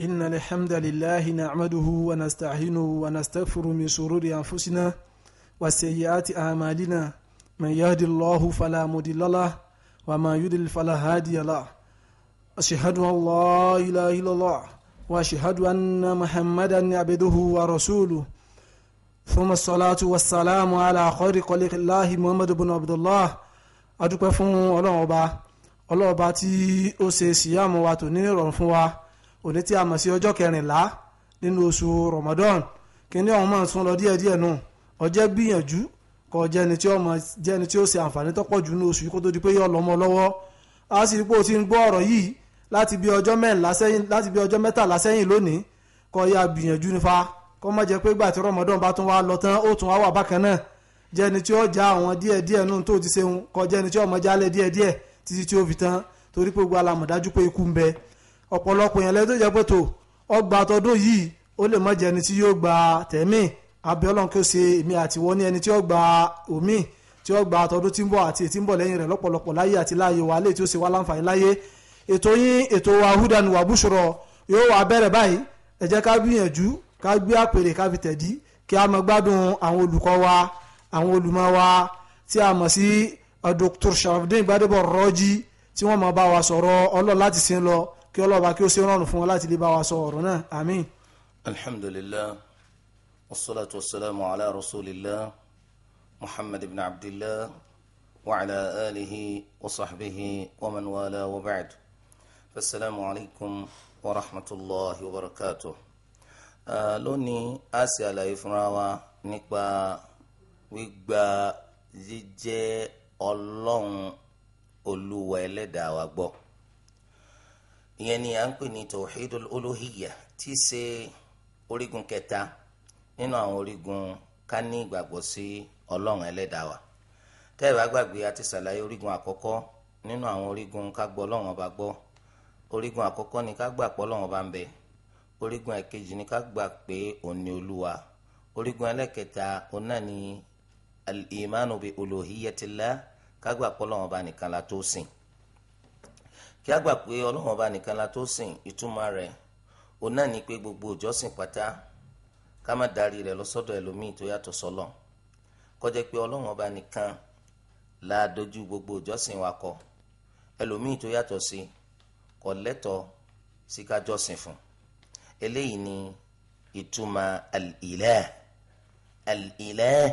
إن الحمد لله نعمده ونستعينه ونستغفر من شرور أنفسنا وسيئات أعمالنا من يهد الله فلا مضل له وما يضلل فلا هادي له أشهد أن لا إله إلا الله وأشهد أن محمدا عبده ورسوله ثم الصلاة والسلام على خير خلق الله محمد بن عبد الله adúpẹ́ fún ọlọ́run أبا ọlọ́run ọba tí ó ṣe síyàmù wa tò òní tí a mọ̀ sí ọjọ́ kẹrìnlá nínú oṣù Ramadan kíní ọ̀hún máa sún lọ díẹ̀díẹ̀ nù ọjẹ́ gbìyànjú kó jẹ́ ẹni tí ó mọ̀ jẹ́ ẹni tí ó ṣe àǹfààní tó pọ̀ jù nínú oṣù yìí kó tó di pé yóò lọ́mọ lọ́wọ́ a sì rí pé o ti ń gbọ́ ọ̀rọ̀ yìí láti bí ọjọ́ mẹ́ẹ̀lá sẹ́yìn láti bí ọjọ́ mẹ́tàlá sẹ́yìn lónìí kó ya gbìyànjú nífa kó má jẹ́ pé ìgbà tí Ramadan bá tún wá lọ tán ó tún wá wà bákan náà jẹ́ tí ó já àwọn díẹ̀díẹ̀ nù tó ti ṣeun kó jẹ́ tí ó mọ̀ jálẹ̀ díẹ̀díẹ̀ títí tí ó fi tán torí pé gbogbo alamọ̀dájú pé ikú ń bẹ ọ̀pọ̀lọpọ̀ yẹn lẹ́yìn tó jẹ́ pé tó ọgbà tọdún yìí ó lè má jẹ́ ẹni tí yóò gba tẹ̀mí abẹ́ọ́lọ́n kí ó ṣe èmi àtiwọ́ ní ẹni tí ó gba omi tí ó gba tọdún tí ń bọ̀ àti ètí ń bọ̀ lẹ́yìn rẹ̀ lọ́pọ̀lọpọ̀ láyé àti láàyè wa lè tí ó ṣe wá láǹfààní láyé ètò yín ètò wa húdà ni wà búṣọrọ yóò wà bẹ̀rẹ̀ báyìí ẹ jẹ́ ká gbìyànjú ká gbé àpèrè ká fi tẹ̀dí kí a máa gbádùn àwọn olùkọ́ wa àwọn olùmọ̀ wa tí a mọ̀ sí Dr. Sharafdin Gbadebo Rọ́jí tí wọ́n máa bá wa sọ̀rọ̀ ọlọ́ láti sin lọ kí ọlọ́ba kí ó ṣe rọrùn fún wọn láti lè bá wa sọ ọ̀rọ̀ náà àmín. alhamdulilah wasalaatu wasalaamu ala rasulillah muhammad ibn abdillah wa ala alihi wa sahbihi wa man wala wa ba'd fasalaamu alaykum wa rahmatulahi wa barakatuh. lónìí a ṣe àlàyé fúnra wa nípa gbígba jíjẹ́ ọlọ́run olúwa ẹlẹ́dàá wa gbọ́ ìyẹn ni à ń pè ní tawhidul uluhiyya tí í ṣe orígun kẹta nínú àwọn orígun ká ní ìgbàgbọ́ sí ọlọ́run ẹlẹ́dàá wa tẹ́ ẹ bá gbàgbé àti ṣàlàyé orígun àkọ́kọ́ nínú àwọn orígun ká gbọ́ ọlọ́run ọba gbọ́ orígun àkọ́kọ́ ni ká gbà pé ọlọ́run ọba ń bẹ orígun ẹ̀kejì ni ká gbà pé òun ni olúwa orígun ẹlẹ́kẹta òun náà ni al-imanu bi uluhiyyatillah ká gbà pé ọlọ́run ọba nìkan la tó sìn kí a gbà pé ọlọ́run ọba nìkan la tó sìn ìtumọ̀ rẹ̀ òun náà ni pé gbogbo òjọ́sìn pátá ká má darí rẹ̀ lọ́sọ́dọ̀ ẹlòmíì tó yàtọ̀ sọ́lọ̀ kó pé ọlọ́run ọba nìkan la dojú gbogbo òjọ́sìn wa kọ ẹlòmíì tó yàtọ̀ sí kò lẹ́tọ̀ọ́ sí ká jọ́sìn fún eléyìí ni ìtumọ̀ al-ilah al-ilah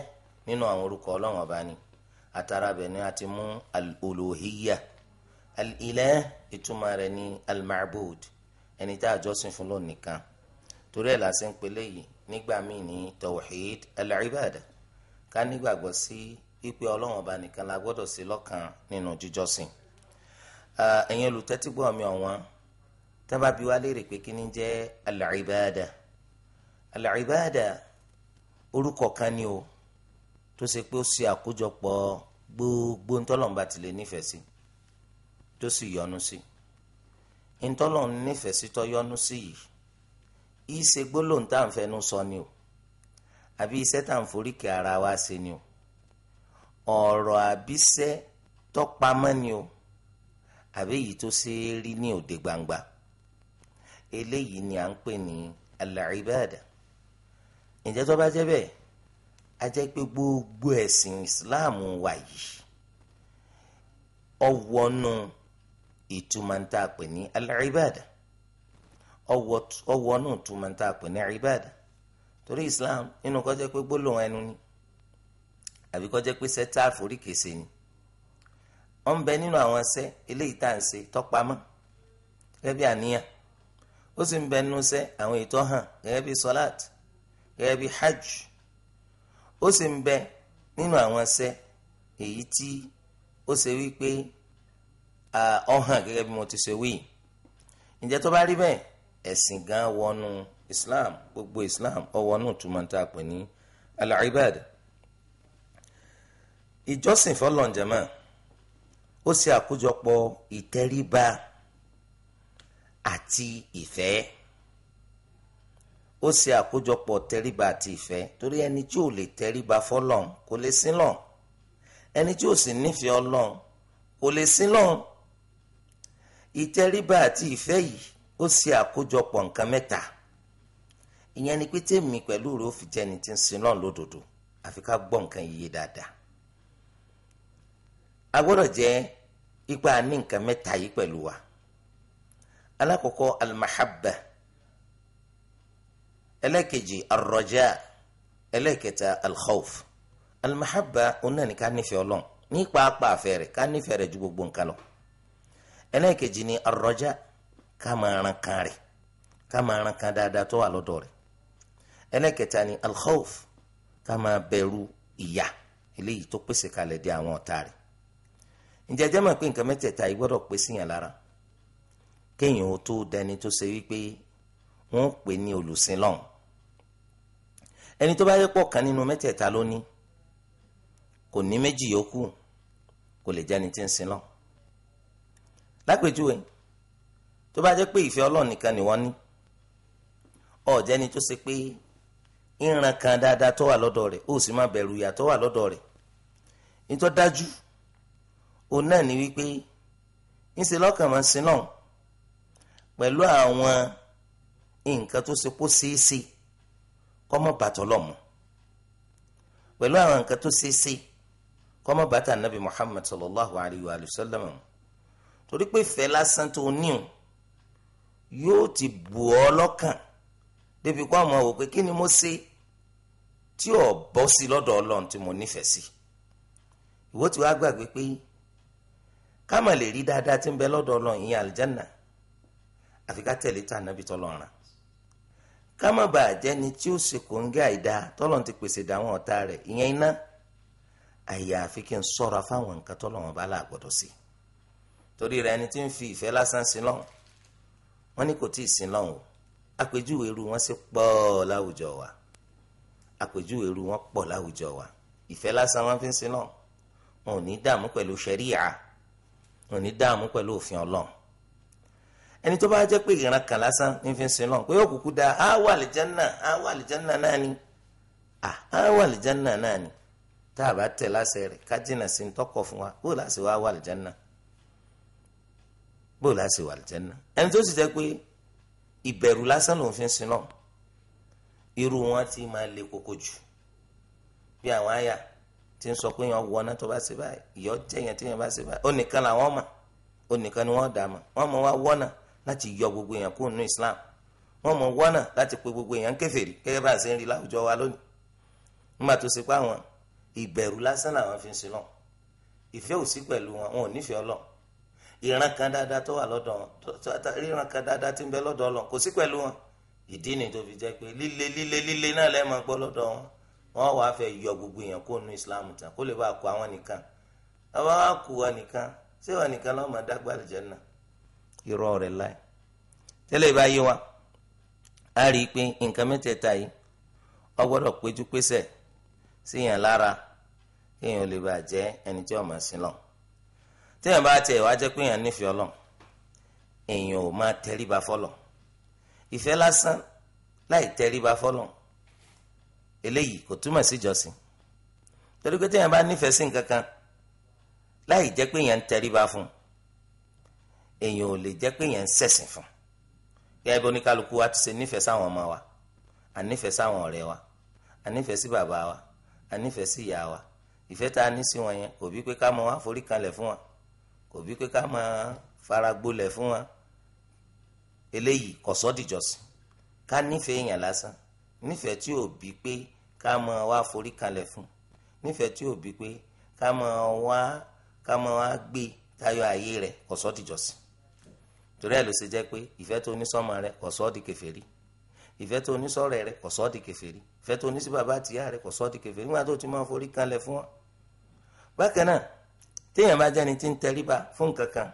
nínú àwọn orúkọ ọlọ́run ọba ni àtàràbẹ̀ ni a ti mú al-uluhiyya. al al al-ilah ìtumọ̀ rẹ̀ ní al-ma'bud ẹni tá a jọ́sìn fún lóun nìkan torí ẹ̀ lásán pélé yìí nígbà míì ní tawhid al-ibada ká nígbàgbọ́ sí pípé ọlọ́run ọba nìkan la gbọ́dọ̀ sí lọ́kàn nínú jíjọ́sìn ẹ̀yin olùtẹ́tígbọ́ mi ọ̀wọ́n tábà bí wá léèrè pé kí ni jẹ́ al-ibada orúkọ kan ni o tó ṣe pé ó ṣe àkójọpọ̀ gbogbo ntọ́lọ́mùbá ti nífẹ̀ẹ́ sí i tó sì yọ́nú sí ntọ́lọ́n nífẹ̀ẹ́ sí tó yọ́nú sí yìí ìṣe gbólóhùn tá à ń fẹnu sọ ni o àbí iṣẹ́ tá à ń foríkè ara wa ṣe ni o ọ̀rọ̀ àbíṣẹ́ tó pamọ́ ni o àbí èyí tó ṣe é rí ní òde gbangba eléyìí ni à ń pè ní al-ibada ǹjẹ́ tó bá jẹ́ bẹ́ẹ̀ a jẹ́ pé gbogbo ẹ̀sìn Islam wa yìí ọ̀wọ́nù. No ìtumọ̀ tá a pè ní al-ibada ọwọ́ náà túmọ̀ tá a ibada torí islam nínú kọjá pé gbólóhùn ẹnu ni àbí kó pé sẹ́tà àforíkèsè ni ọ ń bẹ nínú àwọn sẹ́ eléyìí tá à ń ṣe tọ́pamọ́ gẹ́gẹ́ bí àníyàn ó sì ń bẹ nínú sẹ́ àwọn ètò hàn gẹ́gẹ́ bí sọ́láàt gẹ́gẹ́ bí hajj ó sì ń bẹ nínú àwọn sẹ́ èyí tí ó ṣe wípé ọ̀hàn gẹ́gẹ́ bí mo ti ṣe wí ǹjẹ́ tó bá rí bẹ́ẹ̀ ẹ̀sìn gan wọnú islam gbogbo islam ọwọ́nù túmọ̀ tá a pè ní al-ibad ìjọsìn fọlọ́njẹ̀mọ́ ó ṣe àkójọpọ̀ ìtẹríba àti ìfẹ́ ó ṣe àkójọpọ̀ tẹríba àti ìfẹ́ torí ẹni tí ò lè tẹríba fọlọ́n kò lè sílọ̀ ẹni tí ò sì nífẹ̀ẹ́ ọlọ́n kò lè sílọ̀ ìtẹríba àti ìfẹ́ yìí ó ṣe àkójọpọ̀ nǹkan mẹ́ta ìyẹn ni pé tèmi pẹ̀lú rẹ̀ ó fi jẹni tí ń sin náà lódodo àfi ká gbọ́ nǹkan yìí dáadáa a gbọ́dọ̀ jẹ́ ipa ní nǹkan mẹ́ta yìí pẹ̀lú wa alákọ̀ọ́kọ́ almahabba ẹlẹ́kejì arrọjá ẹlẹ́kẹta alkhawf almahabba onáníkà nífẹ̀ẹ́ ọlọ́run ní pàápàá fẹ́ rẹ̀ ká nífẹ̀ẹ́ rẹ̀ ju gbogbo nǹkan lọ ẹlẹ́ẹ̀kejì ni arọ́jà ká máa ran kan rẹ̀ ká máa ran kan dáadáa tó wà lọ́dọ̀ rẹ̀ ẹlẹ́ẹ̀kẹta ni alkhawf ká máa bẹ̀rù ìyà eléyìí tó pèsè kalẹ̀ di àwọn ọ̀tá rẹ̀ ǹjẹ́ jẹ́ mọ̀ pé nǹkan mẹ́tẹ̀ẹ̀ta yìí gbọ́dọ̀ pé síyàn lára kéèyàn ó tó dẹni tó ṣe wípé wọ́n pè ní olùsìn lọ́hùn ẹni tó bá yẹ pọ̀ kan nínú mẹ́tẹ̀ẹ̀ta ló kò ní méjì yòókù kò lè jẹ́ni tí ń sin lọ́hùn lápèjúwe tó bá jẹ́ pé ìfẹ́ ọlọ́run nìkan ni wọ́n ní ọ̀jẹ́ni tó ṣe pé ìran kan dáadáa tó wà lọ́dọ̀ rẹ̀ ó sì máa bẹ̀rù ìyà tó wà lọ́dọ̀ rẹ̀ nítọ́ dájú òun náà ni wípé ńṣe lọ́kàn máa ń sin náà pẹ̀lú àwọn nǹkan tó ṣe kó ṣeéṣe kọ́mọ bàtọ́ lọ́mọ pẹ̀lú àwọn nǹkan tó ṣeéṣe kọ́mọ bàtà nàbì Muhammad sallallahu alayhi wa sallam torí pé ìfẹ́ lásán tó níhùn yóò ti bù ọ́ lọ́kàn débi kó àwọn wò pé kí ni mo ṣe tí ò bọ́ sí lọ́dọ̀ ọlọ́run tí mo nífẹ̀ẹ́ sí ìwọ tí wàá gbàgbé pé ká má lè rí dáadáa tí ń bẹ lọ́dọ̀ ọlọ́run ìyẹn àlìjánà àfi ká tẹ̀lé tà nábì tọ́lọ́run ká má bàa jẹ́ni tí ó ṣe kòńgẹ́ àìda tọ́lọ́run ti pèsè dáwọn ọ̀tá rẹ̀ ìyẹn iná àyà àfi kí n sọ́ra fáwọn nǹkan tọ́lọ́run bá là sí i torí rẹ ẹni tí ń fi ìfẹ́ lásán sin lọ́hùn wọ́n ní kò tíì sin lọ́hùn o àpèjúwe irú wọn sì pọ̀ láwùjọ wa àpèjúwe irú wọn pọ̀ láwùjọ wa ìfẹ́ lásán wọn fi ń sin lọ́hùn wọn ò ní dààmú pẹ̀lú ṣẹ̀ríà wọn ò ní dààmú pẹ̀lú òfin ọlọ́hùn ẹni tó bá jẹ́ pé ìran kan lásán ní fi ń sin lọ́hùn pé yóò kúkú da á wà àlìjánà á wà àlìjánà náà ni á wà àlìjánà náà ni tá a bá tẹ̀ láṣẹ rẹ̀ ká jìnnà sí ń tọkọ̀ fún wa ó láṣẹ wa wà àlìjánà bó láti wà lìjẹ́nà ẹni tó sì jẹ́ pé ìbẹ̀rù lásán lòun fi ń sin náà irú wọn ti máa le koko jù bí àwọn àyà ti ń sọ pé yẹn wọ náà tó bá ṣe báyìí ìyọ jẹyàn tí yẹn bá ṣe báyìí ó nìkan làwọn mà ó nìkan ni wọn dà mà wọn mọ wá wọnà láti yọ gbogbo èèyàn kúrò nínú Islam wọn mọ wọnà láti pe gbogbo èèyàn kèfèrí gẹ́gẹ́ bá a ṣe ń rí láwùjọ wa lónìí nígbà tó ṣe pé àwọn ìbẹ̀rù lásán làwọn fi ń ìfẹ́ òsì pẹ̀lú wọn wọn ò nífẹ̀ẹ́ Ọlọ́run ìran kan dáadáa tó wà lọ́dọ̀ wọn ìran kan dáadáa tí ń bẹ lọ́dọ̀ ọlọ́run kò sí pẹ̀lú wọn ìdí ni tó fi jẹ́ pé líle líle líle náà lẹ́ẹ̀ máa gbọ́ lọ́dọ̀ wọn wọn wàá fẹ́ yọ gbogbo èèyàn kó nu islam tán wa kó nìkan ṣé nìkan lọ́wọ́ máa dá jẹ́ náà irọ́ rẹ̀ láì ọ gbọ́dọ̀ péjú pésẹ̀ síyàn lára kéèyàn lè ẹni tí téèyàn bá tiẹ̀ wá jẹ́ pé èèyàn nífẹ̀ẹ́ ọlọ́run èèyàn ò máa tẹríba fọlọ́ ìfẹ́ lásán láì tẹríba fọlọ́ eléyìí kò túmọ̀ sí ìjọsìn torí pé téèyàn bá nífẹ̀ẹ́ sí nǹkan kan láì jẹ́ pé èèyàn ń tẹríba fún èèyàn ò lè jẹ́ pé èèyàn ń ṣẹ̀sìn fún gẹ́gẹ́ bí oníkálukú wa ti ṣe nífẹ̀ẹ́ sáwọn ọmọ wa ànífẹ̀ẹ́ sáwọn ọ̀rẹ́ wa ànífẹ̀ẹ́ sí bàbá wa ànífẹ̀ẹ́ sí ìyá wa ìfẹ́ tá a ní sí wọn yẹn kò pé ká mọ wá forí kanlẹ̀ fún wa òbí pé ká máa fara gbolẹ̀ fún wa eléyìí kò sọ́ dìjọ́sìn ká nífẹ̀ẹ́ èèyàn lásán nífẹ̀ẹ́ tí òbí pé ká máa wá forí kalẹ̀ fún nífẹ̀ẹ́ tí òbí pé ká máa wá ká máa wá gbé tayọ ààyè rẹ̀ kò sọ́ dìjọ́sìn torí ẹ̀ ló ṣe jẹ́ pé ìfẹ́ tó ní sọ́mọ rẹ̀ di kèfèrí ìfẹ́ tó ní sọ́rọ̀ rẹ̀ di kèfèrí ìfẹ́ tó ní bàbá àtìyá rẹ̀ kò di kèfèrí nígbà tó ti máa forí kalẹ̀ fún wọn. bákan náà téèyàn bá jẹ́ni tí ń tẹríba fún nǹkan kan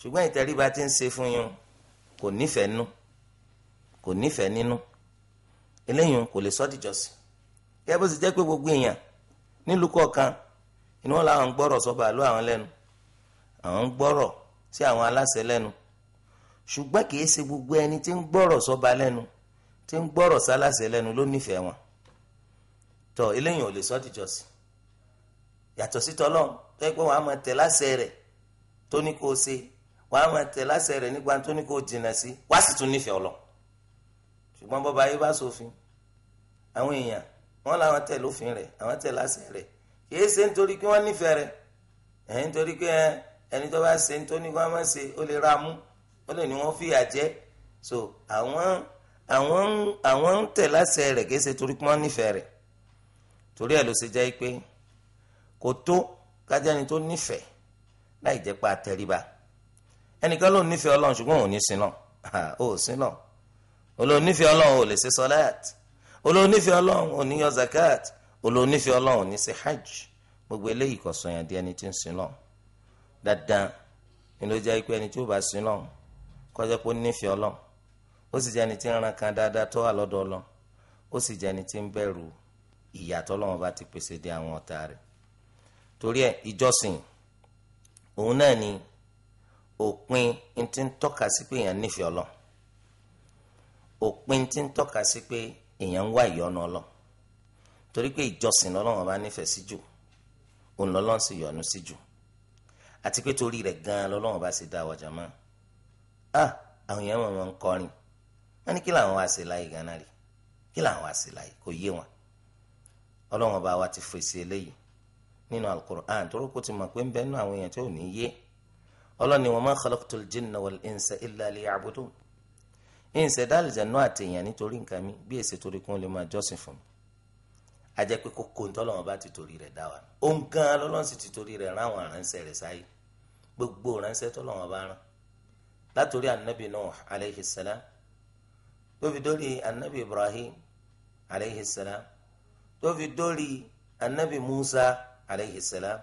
ṣùgbọ́n ìtẹríba tí ń ṣe fún yín kò nífẹ̀ẹ́ nú kò nífẹ̀ẹ́ nínú eléyìí kò lè sọ́ dìjọ́sìn kẹ́ bó ti jẹ́ pé gbogbo èèyàn nílùú kọ̀ọ̀kan inú wọn làwọn ń gbọ́rọ̀ sọ́ba àlọ́ àwọn lẹ́nu àwọn ń gbọ́rọ̀ sí àwọn aláṣẹ lẹ́nu ṣùgbọ́n kì í ṣe gbogbo ẹni tí ń gbọ́rọ̀ sọ́ba lẹ́nu tí ń gbọ́rọ̀ sáláṣẹ lẹ́nu ló nífẹ̀ẹ́ wọn tọ́ eléyìí ò lè sọ́ dìjọ́sìn yàtọ̀ sí tọ́lọ́run tẹ́ pé wọ́n á máa tẹ̀ láṣẹ rẹ̀ tó ní kó o ṣe wọ́n á máa tẹ̀ láṣẹ rẹ̀ nígbà tó ní kó o jìnnà sí wá sì tún nífẹ̀ẹ́ ọlọ ṣùgbọ́n bọ́ba ayé bá ṣòfin àwọn èèyàn wọ́n làwọn tẹ̀ lófin rẹ̀ àwọn tẹ̀ láṣẹ rẹ̀ kìí ṣe nítorí pé wọ́n nífẹ̀ẹ́ rẹ̀ ẹ̀yìn nítorí pé ẹni tó bá ṣe nítorí wọ́n máa ṣe ó lè ra mú ó lè ní wọ́n fìyà jẹ so àwọn àwọn àwọn ń tẹ̀ láṣẹ rẹ̀ kìí ṣe torí pé wọ́n nífẹ̀ẹ́ rẹ̀ kájẹ́ni tó nífẹ̀ẹ́ láì jẹ́ pé àtẹríba ẹnìkan ló nífẹ̀ẹ́ ọlọ́run ṣùgbọ́n òun ní sinà ah, ó sinà olónífẹ̀ẹ́ ọlọ́run ò lè ṣe sọláàt olónífẹ̀ẹ́ ọlọ́run ò ní yọ zakat olónífẹ̀ẹ́ ọlọ́run ò ní ṣe hajj gbogbo eléyìí kò sọ yẹn di ẹni tí ń sinà dandan ni ló jẹ́ pé ẹni tí ó bá sinà kọjá pé ó nífẹ̀ẹ́ ọlọ́run ó sì jẹ́ ẹni tí ń ran kan dáadáa tó wà lọ́dọ̀ ọlọ́run ó sì jẹ́ ẹni tí ń bẹ̀rù ìyàtọ̀ ọlọ́run bá ti pèsè de àwọn ọ̀tá rẹ̀ torí ẹ ìjọsìn òun náà ni òpin n ti ń tọ́ka sí pé èèyàn nífẹ̀ẹ́ ọlọ́ òpin ti ń tọ́ka sí pé èèyàn ń wá ìyọ́nú ọlọ́ torí pé ìjọsìn lọ́lọ́run bá nífẹ̀ẹ́ sí jù òun lọ́lọ́run sì yọ́nú sí jù àti pé torí rẹ̀ gan-an lọ́lọ́run bá sì dá ọjà mọ́ ah àwọn èèyàn wọn ń kọrin wọn ní kí làwọn wá sí láyé ganan rí kí làwọn wá sí láyé kò yé wọn ọlọ́run ọba wa ti fèsì eléyìí nínú alukur'an tó rúkú ti mọ̀ pé ń bẹ nínú àwọn èèyàn tí ò ní yé ọlọ́ni wa ma khalaqtul jinna wal insa illa liya'budun ìǹsẹ̀ dá àlùjànnú àtẹ̀yàn nítorí nǹkan mi bí èsì torí kún lè máa jọ́sìn fún mi ajẹ́ pé kókó ntọ́lọ́wọ́n bá ti torí rẹ̀ dá wa òun gan lọ́lọ́run sì ti torí rẹ̀ rán àwọn aránṣẹ́ rẹ̀ sáyé gbogbo aránṣẹ́ tọ́lọ́wọ́n bá rán látòrí anabi Nuh alayhi salam tó dórí anabi Ibrahim alayhi salam tó dórí anabi Musa alayhi salam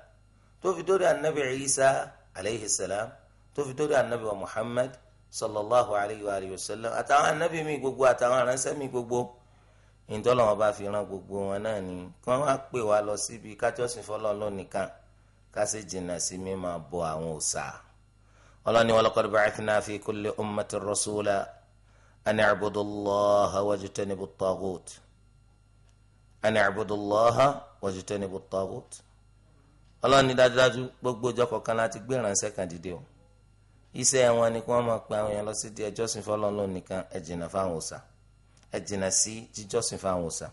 tó fi dórí anabi Isa alayhi salam tó fi dórí anabi wa Muhammad sallallahu alayhi wa alihi wa sallam àtàwọn anabi mi gbogbo àtàwọn aránṣẹ́ mi gbogbo ìtọ́lọ́wọ́n bá fi ran gbogbo wọn náà ni kí wọ́n wá pè wá lọ síbi kájọ́sìn fọlọ́ lónìkan ká sì jìnnà sí mímọ́ bọ àwọn òòṣà ọlọ́ni wa laqad ba'athna fi kulli ummatin rasula ani abudullaha wajtanibu at-taghut ani abudullaha wajtanibu at-taghut ọlọ́run ní dájúdájú gbogbo ọjọ́ kọ̀ọ̀kan láti gbé ìránṣẹ́ kan dìde o iṣẹ́ wọn ni kí wọ́n máa pe àwọn èèyàn lọ sí di ẹjọ́sìn fọlọ́run lónìí nìkan ẹ jìnnà fáwọn òòṣà ẹ jìnnà sí jíjọ́sìn fáwọn òòṣà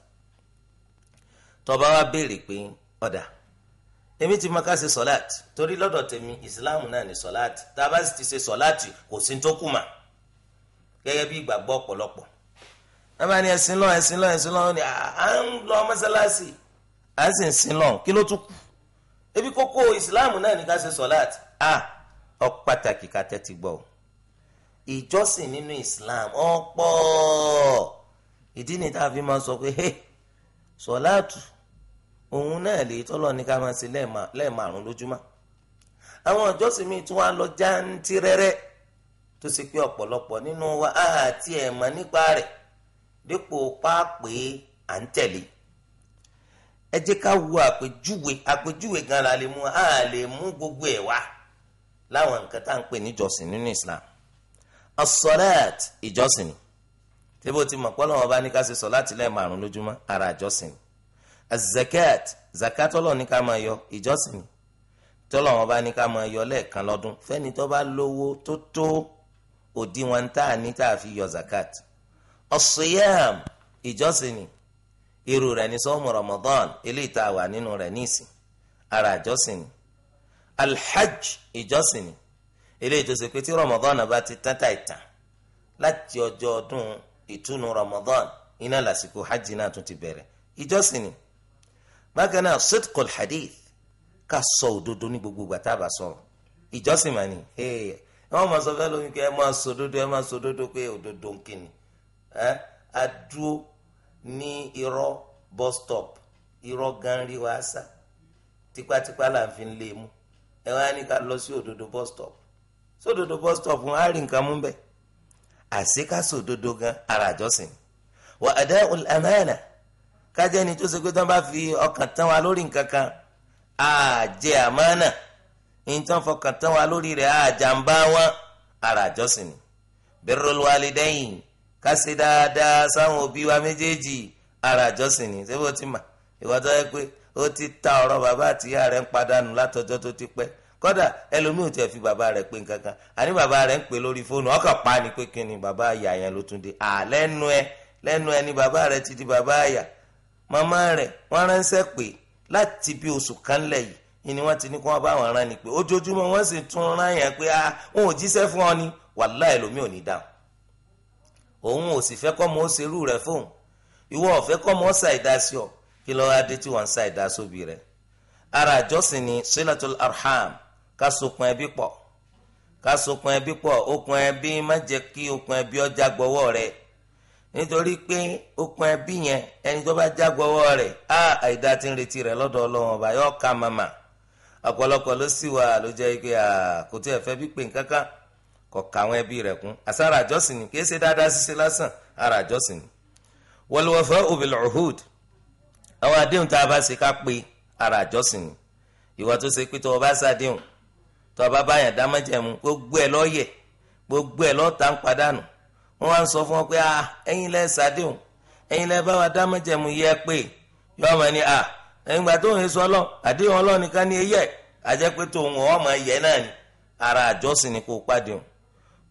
tó bá wá béèrè pé ọ̀dà èmi ti maka ṣe sọ́láàtì torí lọ́dọ̀ tèmi ìsìláàmù náà ní sọ́láàtì tá a bá sì ti ṣe sọ́láàtì kò sí tó kù mà gẹ́gẹ́ bí ìgbàgbọ́ ọ̀pọ̀lọpọ̀ nàbà ni ẹ̀sìn lọ ẹ̀sìn lọ ẹ̀sìn lọ ni à ń lọ mọ́sálásì à ń sì ń sin lọ kí ló tún kù ebi koko, ìsìláàmù náà ní ká ṣe sọ̀láàt a ó pàtàkì ká tẹ́tí gbọ́ o ìjọsìn nínú ìsìláàmù ọ̀pọ̀ ìdí ni tá a fi máa sọ pé hey sọ̀láàtù òun náà lè tọ́lọ̀ ní ká máa ṣe lẹ́ẹ̀márùn lójúmọ́ àwọn ìjọsìn míì tún wá lọ jántìrẹ́rẹ́ tó ṣe pé ọ̀pọ̀lọpọ̀ nínú wa àti ẹ̀mọ́ nípa rẹ̀ dípò pápẹ́ à ń tẹ̀lé ẹ jẹ́ ká wo àpèjúwe àpèjúwe gan la lè mú a lè mú gbogbo ẹ̀ wá láwọn nǹkan tá à ń pè níjọsìn nínú Islam as-salat ìjọsìn tẹ́bó ti mọ̀ pọ́nlọ́wọ́ ọba ní ká ṣe sọ̀láàtì lẹ́ẹ̀márùn lójúmọ́ ara ìjọsìn az-zakat zakat ọlọ́ọ̀ ní ká máa yọ ìjọsìn tọ́lọ́wọ́ ọba ní ká máa yọ lẹ́ẹ̀kan lọ́dún fẹ́ni tó bá lówó tó tó òdiwọ̀n tá a ní tá a fi yọ zakat as-siyam ìjọsìn irú rẹ̀ ní sọ́mu Ramadan eléyìí tá a wà nínú rẹ̀ nísìn ara ìjọsìn ni alhaj ìjọsìn ni eléyìí tó ṣe pé tí Ramadan bá ti tán tà ìtàn láti ọjọ́ ọdún ìtúnu Ramadan iná lásìkò hajj náà tún ti bẹ̀rẹ̀ ìjọsìn ni bákan náà sidqul hadith ká sọ òdodo ní gbogbo ìgbà tá a bá sọ̀rọ̀ ìjọsìn mà ní wọ́n máa sọ fẹ́ lóyún kí ẹ máa sọ òdodo ẹ máa sọ òdodo pé òdodo ń kíni ẹ adúró ní irọ́ bus stop irọ́ gan rí wa sá tipátipá là ń fi lé mu ẹ wá ní ká lọ sí òdodo bus stop sódodo bus stop wọn á rí nǹkan mú bẹ́ẹ̀ àṣekásò òdodo gan ara àjọsìn wà ẹ̀dá ọ̀làmẹ́ẹ̀nà kájẹ́ ni tó ṣe pé tán bá fi ọkàn tán wa lórí nǹkan kan àjẹ àmánà nǹkan fọkàn tán wa lórí rẹ̀ àjàmbá wọn ara àjọsìn ni birrul walidayn ká ṣe dáadáa sáwọn òbí wa méjèèjì ara àjọsìn ni ṣé bó ti mà ìwà tó yẹ pé ó ti ta ọ̀rọ̀ bàbá àtìyá rẹ̀ ń padànù látọjọ́ tó ti pẹ́ kódà ẹlòmíì ò tiẹ̀ fi bàbá rẹ̀ pé nǹkan kan àní bàbá rẹ̀ ń pè lórí fóònù ọkàn pa ni pé kí ni bàbá àyà yẹn ló tún dé à lẹ́nu ẹ lẹ́nu ẹ ni bàbá rẹ̀ ti di bàbá àyà màmá rẹ̀ wọ́n ránṣẹ́ pé láti bí oṣù kan lẹ̀ yìí ni wọ́n ti ní kí wọ́n bá wọn rán ni pé ojoojúmọ́ wọ́n sì tún rán yẹn pé ah wọn ò jíṣẹ́ fún ọ ni wàláhì ẹlòmíì ò ní dáhùn òun ò sì fẹ́ kọ́ mọ́ ó serú rẹ̀ fóun ìwọ ọ̀fẹ́ kọ́ mọ́ ó ṣàìdásí ọ kí lọ́ọ́ adé tí wọ́n ń ṣàìdásóbì rẹ̀ ara àjọsìn ni silatul arham ká sokun ẹbí pọ̀ ká sokun ẹbí pọ̀ okun ẹbí má jẹ́ kí okun ẹbí ó já gbọ́wọ́ rẹ̀ nítorí pé okun ẹbí yẹn ẹni tó bá já gbọ́wọ́ rẹ̀ á àìdá ti ń retí rẹ̀ lọ́dọ̀ ọlọ́run ọba yóò ká màmá ọ̀pọ̀lọpọ̀ ló sì wà ló jẹ́ pé kò tí ẹ̀ fẹ́ bí pé nǹkan kan kọ̀ọ̀ka àwọn ẹbí rẹ̀ kún àsára àjọsìn ni kì í ṣe dáadáa lásán ara àjọsìn ni. wal wafa'u bil ta àwọn àdéhùn tá a bá ṣe ká pé ara àjọsìn ni ìwà tó ṣe pé tó bá ṣàdéhùn bá báyàn dámọ́jẹ̀mú gbogbo gbogbo ń padànù wá ń ah ṣàdéhùn bá wa yẹ pé ni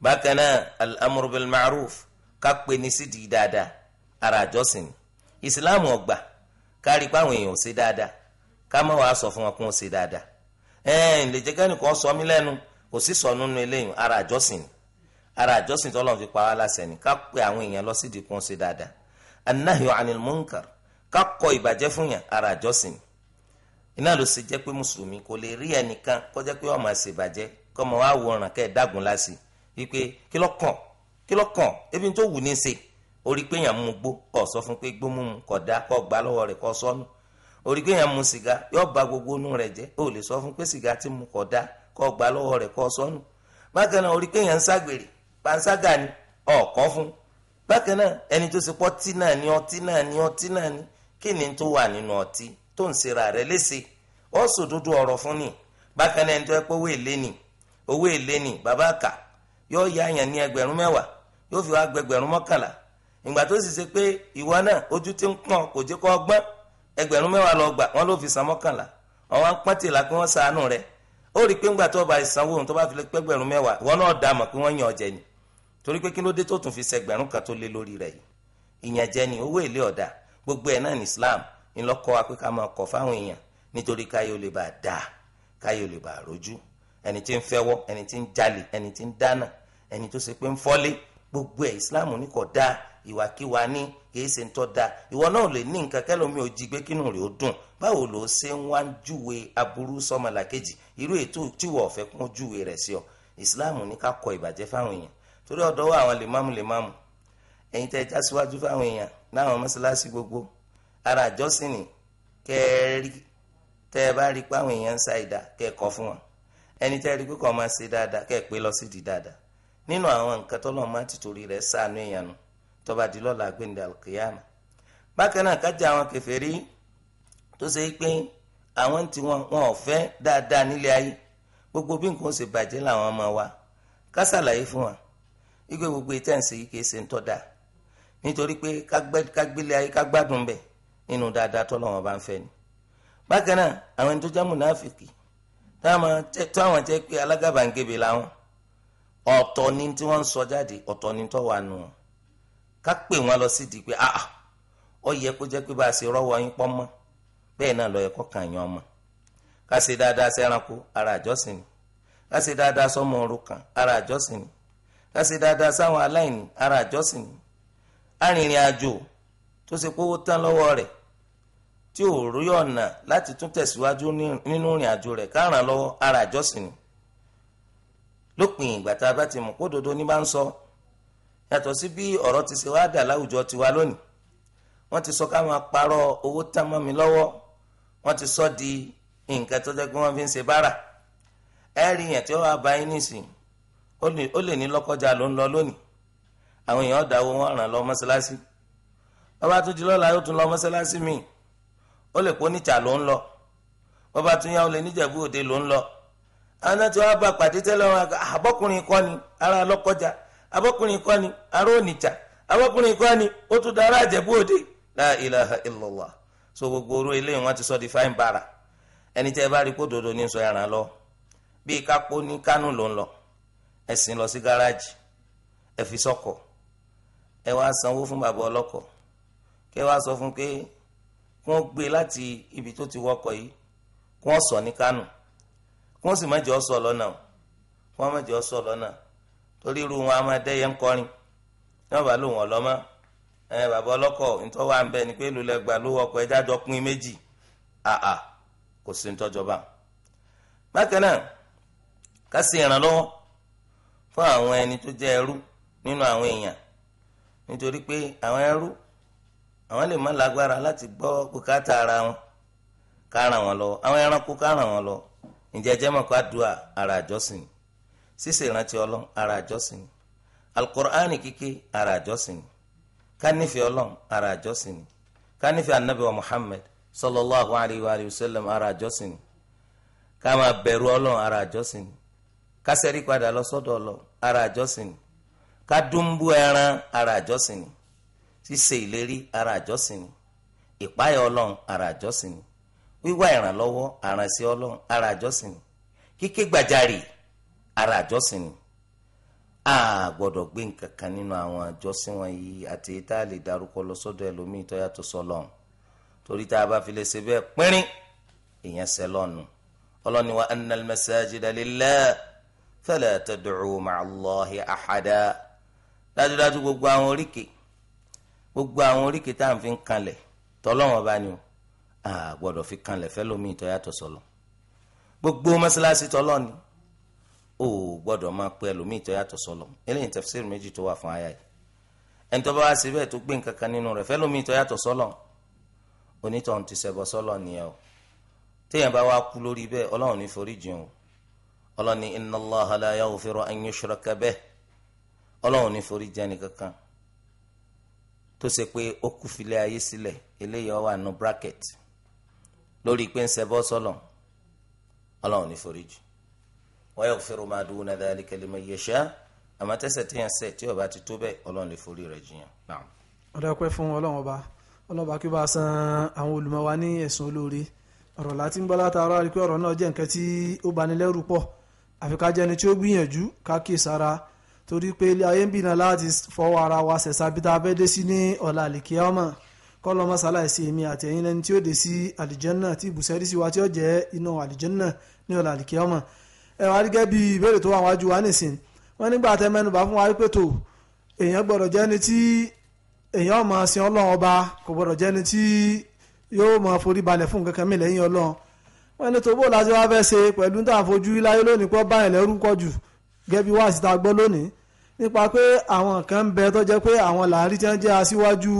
bákan náà al-amru bil ma'ruf ká pè ní sídìí dáadáa ara àjọsìn ìsìláàmù ò gbà kárí pa àwọn èèyàn ò ṣe dáadáa ká má wàá sọ fún wọn kó wọn ṣe dáadáa ẹ̀ẹ́n lè jẹ́ kẹ́nìkan sọ mí lẹ́nu kò sí sọ nínú eléyìí ara àjọsìn ara àjọsìn tí Ọlọ́run fi pa wá láṣẹ ni àwọn èèyàn lọ sídìí kó wọn ṣe dáadáa annahyu anil munkar ká ìbàjẹ́ fún yàn ara àjọsìn iná ló ṣe jẹ́ pé mùsùlùmí kò lè rí ẹnìkan kó pé ó máa ṣèbàjẹ́ kó máa wá wòran kẹ́ ẹ̀ dágun láṣìí wípé kí ló kàn kí ló kàn ebi tó wù ní í ṣe orí pé èèyàn mú gbó kọ sọ fún pé gbó múmu kọ dá kọ gbá lọ́wọ́ rẹ̀ kọ sọnù orí pé èèyàn mú sìgá yóò bà gbogbo inú rẹ̀ jẹ́ ó lè sọ fún pé sìgá ti mú kọ dá kọ gbá lọ́wọ́ rẹ̀ kọ sọnù bákan náà orí pé èèyàn ń ságbèrè panṣágà ni ọkọ fún bákan náà ẹni tó ṣe pọ tí náà ni ọtí náà ni ọtí náà ni kí ni tó wà nínú ọtí tó ń ṣera rẹ̀ léṣe ó sòdodo ọ̀rọ̀ fún ni bákan náà ẹni tó ẹ pé owó èlé ni owó èlé ni bàbá kà yóò yá àyàn ní ẹgbẹ̀rún mẹ́wàá yóò fi wá gbẹgbẹ̀rún mọ́kànlá ìgbà tó sì ṣe pé ìwọ náà ojú ti ń pọ́n kò jẹ́ kó ọgbọ́n ẹgbẹ̀rún mẹ́wàá lọ gbà wọ́n ló fi san mọ́kànlá àwọn apọ́ntìlá pé wọ́n ṣàánú rẹ̀ ó rí i pé ńgbà tó bá ìsanwó tó bá fi lè pẹ́gbẹ̀rún mẹ́wàá ìwọ náà dà mọ̀ pé wọ́n yàn ọ̀jẹ̀ ni torí pé kí ló dé tó tún fi ṣẹgbẹ̀rún kan tó lé lórí rẹ̀ yìí ìyànjẹ ni owó èlé ọ̀dà gbogbo ẹ̀ náà ní Islam ńlọkọ wa pé ká máa kọ̀ fáwọn èèyàn nítorí káyọ̀ lè bá dáa káyọ̀ lè bá rojú ẹni tí ń fẹ́wọ́ ẹni tí ń jalè ẹni tí ń dáná ẹni tó ṣe pé ń fọ́lé gbogbo ẹ̀ islam ní kò dáa ìwàkiwà ní kìí ṣe ń tọ́ da ìwọ náà lè ní nǹkan kẹlòmí ò jí gbé kínú rẹ̀ ó dùn báwo ló ṣe ń wá ń júwe aburú sọmọlàkejì irú ètò tíwọ̀ ọ̀fẹ́ kún júwe rẹ̀ sí ọ islam ní ká kọ ìbàjẹ́ fáwọn èèyàn torí ọ̀dọ́ wa àwọn lèmámù lèmámù ẹ̀yin tẹ́ ẹ já síwájú fáwọn èèyàn láwọn mọ́ṣáláṣí gbogbo ara àjọsìn ni kẹ́ẹ̀rí tẹ́ ẹ bá rí pé èèyàn ń sa ìdá kẹ́ẹ̀kọ́ fún wọn ẹni tẹ́ ẹ rí pé kọ́ máa ṣe dáadáa kẹ́ ẹ pé lọ sí di dáadáa nínú àwọn nǹkan tó lọ́ọ́ máa ti torí rẹ̀ ṣàánú èèyàn nu tó bá gbẹ̀ndẹ̀ bákan náà kájà àwọn kèfèrí tó ṣe pé àwọn wọn wọn dáadáa nílé ayé gbogbo wa ká ṣàlàyé fún igbe gbogbo yìí ṣe ń tọ́ da nítorí pé kágbélé ayé kágbádùn bẹ̀ nínú dáadáa bá ń fẹ́ ni tó àwọn jẹ́ pé alágàbàǹgebè làwọn ọ̀tọ̀ ni tí wọ́n ń sọ jáde ọ̀tọ̀ ni tó wà nù ká pè wọ́n lọ sí pé ọ yẹ kó jẹ́ pé bá a ṣe rọ́wọ́ yín mọ́ bẹ́ẹ̀ náà lọ yẹ kó kàn yín ọmọ ká ṣe dáadáa ara àjọsìn ni ká ṣe dáadáa ara àjọsìn ni ká ṣe dáadáa tí ò rí ọ̀nà láti tún tẹ̀síwájú nínú ìrìn àjò rẹ̀ káràn lọ́wọ́ ara àjọsìn ni lópin ìgbà tá a bá ti mọ̀ kó dodo ní bá ń sọ yàtọ̀ sí bí ọ̀rọ̀ ti ṣe wá dà láwùjọ tiwa lónìí wọ́n ti sọ ká máa parọ́ owó tá mọ́ mi lọ́wọ́ wọ́n ti sọ di nǹkan tó jẹ́ pé wọ́n fi ń ṣe bára ẹ rí yẹn tí ó wá bá yín nísìnyí ó lè ní lọ́kọ́jà ló ń lọ lónìí àwọn èèyàn dáwọ́ wọn ràn lọ mọ́ṣáláṣí bàbá tó di lọ́la yóò tún lọ mọ́ṣáláṣí míì ó lè pọ́ níjà ló ń lọ wọ́n bá tún yá ó lè òde ló ń lọ àwọn náà ti bá pàdé tẹ́lẹ̀ wọn àbọ́kùnrin kọ́ ni ara lọ́kọjà abọ́kùnrin kọ́ ni ara ònìjà abọ́kùnrin kọ́ ni ó tún dára àjẹ̀bú òde la ilaha illallah so gbogbo eléyìí wọn ti sọ di fáin bara wọ́n gbé láti ibi tó ti wọ́kọ̀ yìí wọ́n sọ ní Kánò wọ́n sì má jẹ́ ọ sọ lọ́nà wọ́n má jẹ́ ọ sọ lọ́nà torí irú wọn a máa dẹ́yẹ ń kọrin náà bá lò wọ́n lọ́mọ́ ẹ bàbá ọlọ́kọ̀ nítorí ń bẹ ni pé lulẹ̀gbà ló wọkọ̀ ẹja jọ pín méjì àà kò sí ní tọ́jọba. bákan náà ká ṣe ìrànlọ́wọ́ fún àwọn ẹni tó jẹ́ ẹrú nínú àwọn èèyàn nítorí pé àwọn ẹrú àwọn lè má lágbára láti gbọ́ bùkátà ara wọn ká ràn wọ́n lọ àwọn ẹranko ká ràn wọ́n lọ ǹjẹ́ jẹ́ mọ̀ kó àdúrà ara àjọsìn ni ṣíṣe ìrántí ọlọ́run ara àjọsìn ni alukur'ani ara àjọsìn ni ká nífẹ̀ẹ́ ọlọ́run ara àjọsìn ni ká nífẹ̀ẹ́ anabi wa muhammed sallallahu alayhi wa sallam ara àjọsìn ni ká máa bẹ̀rù ọlọ́run ara àjọsìn ni ká ṣẹ́rí padà lọ sọ́dọ̀ ọlọ́run ara àjọsìn ni ká dúnbú ẹran ara àjọsìn ṣíṣe ìlérí ara àjọsìn ni ìpáyà ọlọ́run ara àjọsìn ni wíwá ìrànlọ́wọ́ aránṣẹ́ ọlọ́run ara àjọsìn ni kíké gbàjarì ara àjọsìn ni a gbọ́dọ̀ gbé nǹkan kan nínú àwọn àjọsìn wọ̀nyí àti tá a lè darúkọ lọ sọ́dọ̀ ẹlòmíì tó yàtọ̀ sọ́lọ́run torí tá a bá fi lè ṣe bẹ́ẹ̀ pínrín èèyàn ṣe lọ́nu ọlọ́ni wa annal masajida lillah fala tad'u ma'a Allahi dájúdájú gbogbo àwọn oríkèé gbogbo àwọn oríkèé tá à ń fi ń kanlẹ̀ tọ́lọ́wọ́n bá ní o a gbọ́dọ̀ fi kanlẹ̀ fẹ́ lómi ìtọ́ yàtọ̀ sọ̀lọ̀ gbogbo mọ́sálásí tọ́lọ́ ni o gbọ́dọ̀ máa pẹ́ lómi ìtọ́ yàtọ̀ sọ̀lọ̀ eléyìí tafsir méjì tó wà fún àyà yìí ẹni tó bá wá sí tó gbé nǹkan kan nínú rẹ̀ fẹ́ lómi ìtọ́ sọ̀lọ̀ onítọ̀hún ti ṣẹbọ sọ̀lọ̀ nìyẹn o téèyàn bá wá kú lórí tó ṣe pé ó kú filẹ̀ ayé sílẹ̀ eléyìí ó wà nù bracket lórí pé ń ṣẹbọ sọ́lọ̀ ọlọ́run ní foríjì wa yaghfiru ma duna dhalika liman yasha àmọ́ tẹ́sẹ̀ téèyàn ṣẹ̀ tí ó bá ti tó bẹ́ẹ̀ ọlọ́run lè forí rẹ̀ jiyàn. ọ̀dọ̀ ọpẹ́ fún ọlọ́run ọba ọlọ́run ọba kí ó bá san àwọn olùmọ̀ wa ní ẹ̀sùn olóore ọ̀rọ̀ láti ń bọ́ látara rí pé ọ̀rọ̀ náà jẹ́ nǹkan tí ó banilẹ́rù pọ̀ àfi tí ó gbìyànjú ká kíyèsára torí pé ilé ayé ń bìnà láti fọwọ́ ara wa ṣẹ̀ṣà bí tá a fẹ́ dé sí ní ọ̀la àlìkíá ọmọ kọ́lọ́ mọ́sálásí èmi àti ẹ̀yin lẹ́ni tí ó dé sí àlìjẹ́nà tí ìbùsẹ́rí sí wa tí ó jẹ́ iná àlìjẹ́nà ní ọ̀la àlìkíá ọmọ ẹ wá gẹ́gẹ́ bí ìbéèrè tó wà wájú wa nìsín wọ́n nígbà tẹ́ mẹ́nubà fún wa wípé tó èèyàn gbọ́dọ̀ jẹ́ ni tí èèyàn máa sin ọlọ́run ọba kò gbọ́dọ̀ jẹ́ ni tí yóò máa forí balẹ̀ fún kankan mi lẹ́yìn ọlọ́run wọ́n ní tó bó láti wá fẹ́ ṣe pẹ̀lú tá fojú láyé lónìí pọ́ báyìí lẹ́rú kọ́ gẹ́bí wá síta gbọ́ lónìí nípa pé àwọn kan ń bẹ tó jẹ́ pé àwọn làárí tí wọ́n jẹ́ aṣíwájú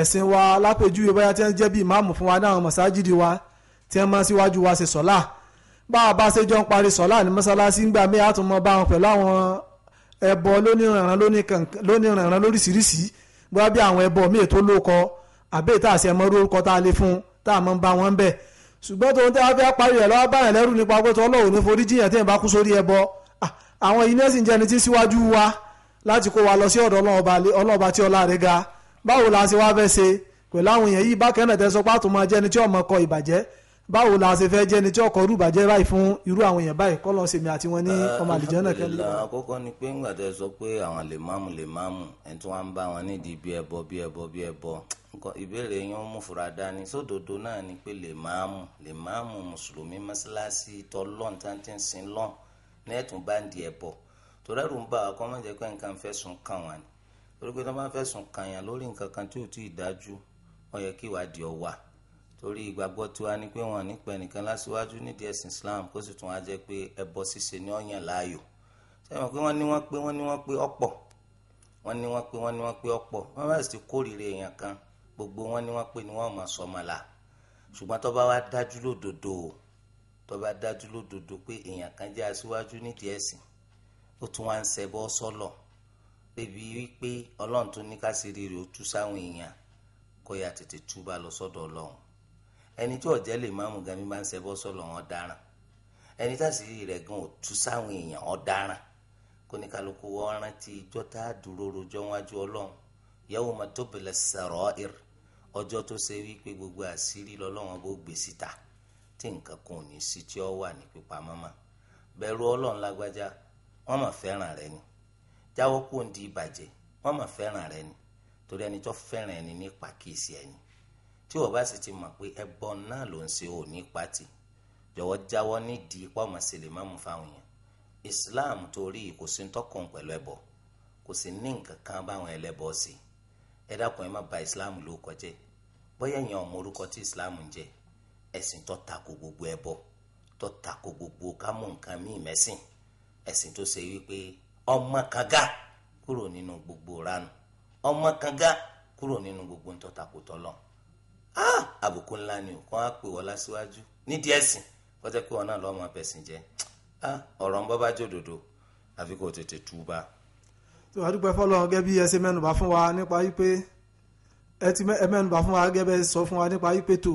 ẹ̀sìn wa lápèjúwe bóyá tí wọ́n jẹ́ bí ìmáàmù fún wa ní àwọn mọ̀sájìdì wa tí wọ́n máa síwájú wa ṣe sọ́lá bá a bá ṣe jọ ń parí sọ́lá ní mọ́sálásí ń gbà mí àtúmọ̀ bá wọn pẹ̀lú àwọn ẹbọ lóníranran lóríṣiríṣi bóyá bí àwọn ẹbọ míì tó lóko àbẹ́ẹ̀ tá a ṣe mọ́ orúkọ tá a lè fún tá a mọ́ bá wọn bẹ̀ ṣùgbọ́n tòun tẹ́ wá fẹ́ parí rẹ̀ lọ́wọ́ báyìí lẹ́rù nípa pé tọ́lọ́wọ́ ní foríjìyàn tẹ́yìn bá Ah, àwọn yìí nẹ́sìn jẹ́ ẹni tí síwájú wa láti kó wa lọ sí ọ̀dọ̀ ọlọ́ọ̀ba tí ọlá rẹ̀ ga báwo la ṣe wá fẹ́ ṣe pẹ̀lú àwọn èèyàn yìí bákan náà tẹ́sọ pàtó máa jẹ́ ẹni tí ọmọ kọ ìbàjẹ́ báwo la ṣe fẹ́ jẹ́ ẹni tí ọkọ̀ rúbàjẹ́ báyìí fún irú àwọn èèyàn báyìí kọ́ lọ sí mi àti wọn ní eh, ọmọ àlìjẹ́ náà kẹ́lẹ́. àkọ́kọ́ ni pé ńgbà tẹ́ sọ pé àwọn lèmáàmù lèmáàmù ẹ̀ tí wọ́n ń bá wọn nídìí bí ẹbọ bí ẹbọ bí ẹbọ nǹkan ìbéèrè yẹn mú fura dání sódodo náà ni pé lèmáàmù lèmáàmù mùsùlùmí mọ́sálásí tọ́lọ́ntàntì sílọ́ọ̀ nẹ́ẹ̀tún bá ń di ẹ̀ bọ̀ torí ẹ̀rù ń bà wá kọ́ mọ̀ jẹ́ pé nǹkan fẹ̀sùn kàn wá ni torí pé tó bá fẹ̀sùn kàn yàn lórí nǹkan kan tí ò tí ì dájú ó yẹ kí ìwádìí ọ wà torí ìgbàgbọ́ tiwa ni pé wọn nípa ẹnìkan lásìwájú nídìí ẹ̀sìn Islam kó sì tún wá jẹ́ pé ẹbọ ṣíṣe ni ó yàn láàyò sẹ́wọ̀n pé wọ́n ní wọ́n pé wọ́n ní wọ́n pé ọ̀pọ̀ wọ́n ní wọ́n pé wọ́n ní wọ́n pé ọ̀pọ̀ wọ́n bá sì ti kórìíra èèyàn kan gbogbo wọ́n ní wọ́n pé ni wọ́n máa sọ la ṣùgbọ́n tó bá wá dájú lódodo o tó bá dájú lódodo pé èèyàn kan jẹ́ aṣíwájú nídìí ẹ̀sìn ó tún wá ń ṣẹbọ sọ́lọ̀ bẹ́bí wípé ọlọ́run tó ní káṣírí rẹ̀ ó tú sáwọn èèyàn kó yà tètè túbà lọ sọ́dọ̀ ọlọ́run ẹni tí ọ̀jẹ́ lè máàmù gan mi máa ń ṣẹbọ sọ́lọ̀ wọn dáràn ẹni táṣírí rẹ̀ gan ò tú sáwọn èèyàn ọ̀ dáràn kó ní kálukú wọn rántí ijọ́ dúró rojọ́ wájú ọlọ́run yawma tubla sarair ọjọ́ tó ṣe wípé gbogbo àṣírí lọ́lọ́run bó gbé síta tí nǹkan kan ò ní sí tí ó wà ní pípamọ́ mọ́ bẹ̀rù ọlọ́run lágbájá wọ́n mà fẹ́ràn rẹ ni jáwọ́ kó ń di ìbàjẹ́ wọ́n mà fẹ́ràn rẹ ni torí ẹni tó fẹ́ràn ẹni ní pàkíyèsí ẹni tí wọ́n bá sì ti mọ̀ pé ẹbọ náà ló ń ṣe ò pàtì jọ̀wọ́ jáwọ́ nídìí pọ́ọ̀mọ̀ sí lè má mú fáwọn yẹn Islam torí kò sí ń tọkàn pẹ̀lú ẹbọ kò sí ní nǹkan kan báwọn ẹlẹ́bọ sí ẹ dákun ẹ má bà Islam ló kọjẹ́ bóyá èèyàn ọmọ orúkọ tí Islam ń jẹ́ ẹ̀sìn tó tako gbogbo ẹbọ tó tako gbogbo kámú nǹkan míì mẹ́sìn ẹ̀sìn tó ṣe wípé ọmọ kanga kúrò nínú gbogbo ranu ọmọ kanga kúrò nínú gbogbo ń tó tọ́lọ̀ àbùkù ńlá ni o kàn á pè wọ́n lásìwájú nídìí ẹ̀sìn kọ́tẹ́ pé wọn náà lọ́mọ abẹ́sìn jẹ́ ah ọ̀rọ̀ ń bọ́ bá jòdòdò àfi kò tètè túbà. tó a dúpẹ́ fọlọ́ gẹ́gẹ́ bí ẹ ṣe mẹ́nubà fún wa nípa yí ẹ ti mẹ́nubà fún wa gẹ́gẹ́ bẹ́ẹ̀ sọ fún wa nípa yí tó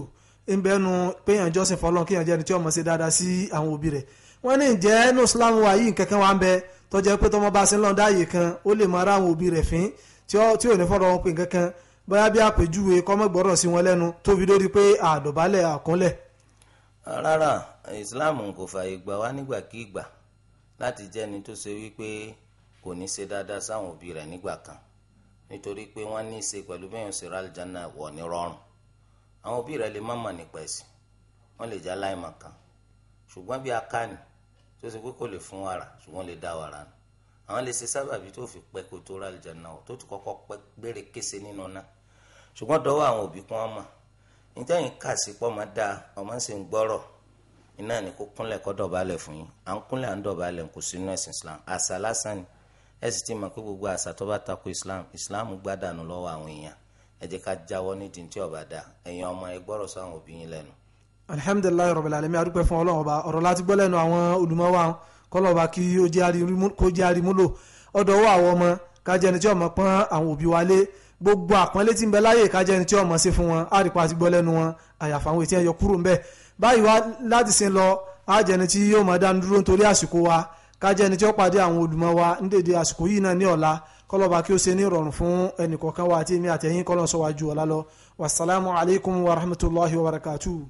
ń bẹnu péyàn jọ́sìn fọlọ́n kéèyàn jẹ́ ẹni tí ọmọ ṣe dáadáa sí àwọn òbí rẹ̀ wọ́n ní ǹjẹ́ inú Islam wa yìí nkankan wa ń bẹ tó jẹ́ pé tọmọ bá sí lọ́n dáàyè kan ó lè máa ra àwọn òbí rẹ̀ fín tí ò ní fọ́rọ̀ wọn pé nkankan bóyá bí àpèjúwe kọ́mọ́ gbọ́rọ̀ sí wọn lẹ́nu tó fi pé àdọ̀bálẹ̀ àkúnlẹ̀. rárá Islam kò fààyè gbà wá nígbàkigbà láti jẹ́ni tó ṣe wípé kò ní ṣe dáadáa sáwọn òbí rẹ̀ nígbà kan nítorí pé wọ́n ní í ṣe pẹ̀lú bẹ́ẹ̀ ń ṣe rálìjánà wọ̀ ní rọrùn àwọn òbí rẹ lè má mọ̀ nípa ẹ̀sìn wọ́n lè já láì màkà ṣùgbọ́n bí akáni tó ṣe pé kò lè fún wàrà ṣùgbọ́n lè dá wàrà nù àwọn lè ṣe sábàbí tó fi pẹ́ kó tó rálẹ̀ jẹun náà tó ti kọ́kọ́ pẹ́ gbére kése nínú náà ṣùgbọ́n dọ́wọ́ àwọn òbí kan mọ̀ nítorí kà sí pọ́ máa dá ọmọ sì ń gbọ́rọ̀ iná ni kó kúnlẹ̀ kó dọ̀bálẹ̀ fún yín à ń kúnlẹ̀ à ń dọ̀bálẹ̀ kò sínú ẹ̀sìn Islam àṣà lásán ni ẹ sì ti mọ̀ pé gbogbo àṣà tó bá tako Islam Islam gbádànù lọ́wọ́ àwọn èèyàn ẹ jẹ́ ká jáwọ́ nídìí tí ọba dá ẹ̀yin ọmọ ẹ gbọ́rọ̀ sáwọn òbí yín lẹ́nu. alihamudulilayi rabbil alamin a dúpẹ́ fún Ọlọ́run ọba ọ̀rọ̀ láti gbọ́ lẹ́nu àwọn olùmọ̀ wa kọlọ ọba kí ó jẹ arimúlò ọ̀dọ̀ wọ àwọn ọmọ kájẹ ẹni tí ọmọ pọ́n àwọn òbí wa lé gbogbo àpọ́nlé tí ń bẹ láyè kájẹ ẹni tí ọmọ ṣe fún wọn àrípa àti gbọ́ lẹ́nu wọn àyàfà àwọn ètí ẹyọ kúrò ńbẹ báyìí wá láti sin lọ àjẹni tí yóò máa dánu dúró nítorí àsìkò wa kájẹ ẹni tí ó pàdé àwọn olùmọ̀ wa ń dèdè àsìkò yìí náà ní ọ̀la kọlọba kí ó ṣe ní ìrọ̀rùn fún ẹnìkọ̀ọ̀kan wa àti èmi àtẹ̀yìn kọlọ́sọ̀wájú ọ̀la lọ wàsálàmù alaykum wa rahmatulahi wa barakatuhu.